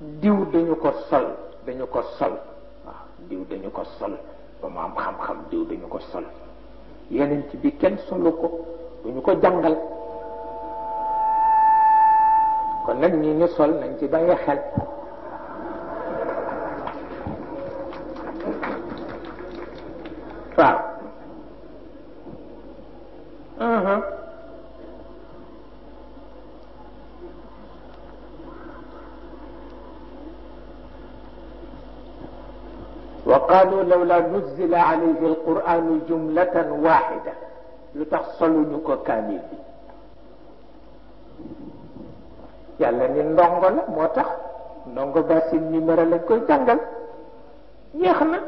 diw dañu ko sol dañu ko sol diw dañu ko sol ba mu am xam-xam diw dañu ko sol yeneen ci bi kenn solu ko duñu ko jàngal kon nag ñi ñu sol nañ ci bàyyi xel waaw wa qaalu lawla nuzila alayhi alquranu jumlatan waxida lu tax soluñu ko kaamil bi yàlla ni ndongo la moo tax ndongo basin numéro lañ koy jàngal yéex na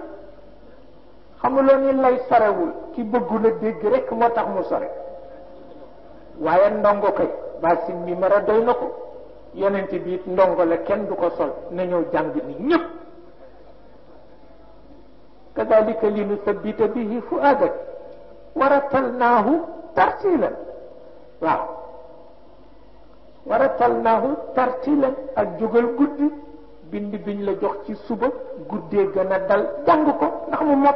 xamuloo ni lay sorewul ki bëggul a dégg rek moo tax mu sore waaye ndongo kay basin numéro doy na ko yonent bi ndongo la kenn du ko sol na ñëw jàng ni ñëpp كذلك لنثبت به فؤادك ورتلناه ترتيلا نعم ورتلناه ترتيلا الجوجل جود بند بن لا جوخ سي سوبا غودي غنا دال جانغكو ناخ مو موب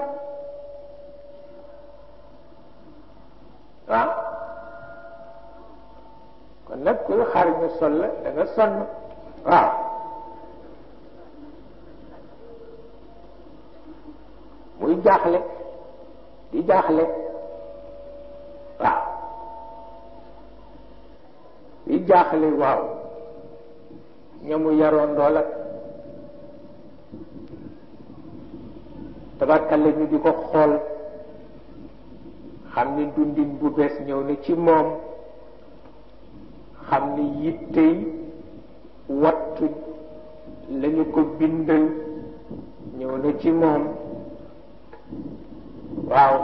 كون muy jaaxle di jaaxle waaw di jaaxle waaw ñamu yaroon doola ñu di ko xool xam ni dundin bu bees ñëw na ci moom xam ni yittey wattu lañu ko bindal ñëw na ci moom waaw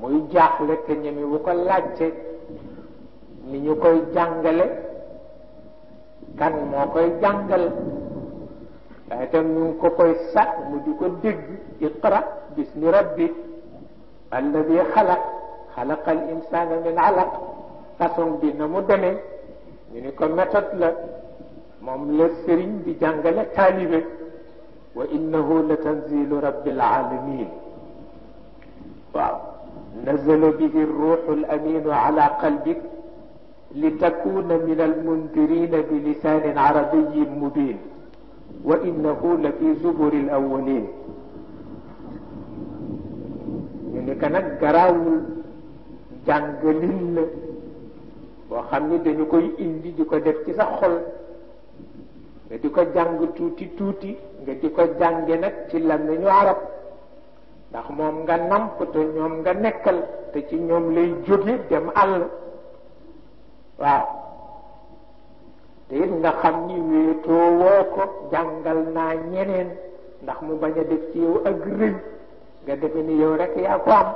muy jaaxle te ñemi wu ko laajte ni ñu koy jàngale kan moo koy jàngal waaye tam ñu ko koy sax mu di ko dégg iqra bismi rabbi alladi xalaq xalaqa al insana min alaq façon bi na mu demee ñu ko méthode la moom la sëriñ di jàngale taalibe wa innahu la tanzilu rabbil alamin نزل به الروح الامين على قلبك لتكون من المنذرين بلسان عربي مبين وانه لفي زبر الاولين يعني كانت جراول جانجلين وخمي دنكو يندي ديكو ديف تي خول ديكو جانج توتي توتي ديكو جانج نك تي لامنيو عرب ndax moom nga namp te ñoom nga nekkal te ci ñoom lay jóge dem àll waaw te it nga xam ni wéetoo woo ko jàngal naa ñeneen ndax mu bañ a def ci yow ak rëy nga defe ni yow rek yaa ko am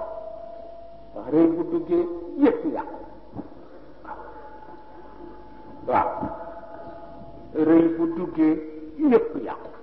wax rëy bu duggee yépp yàq waaw rëy bu duggee yépp yàqu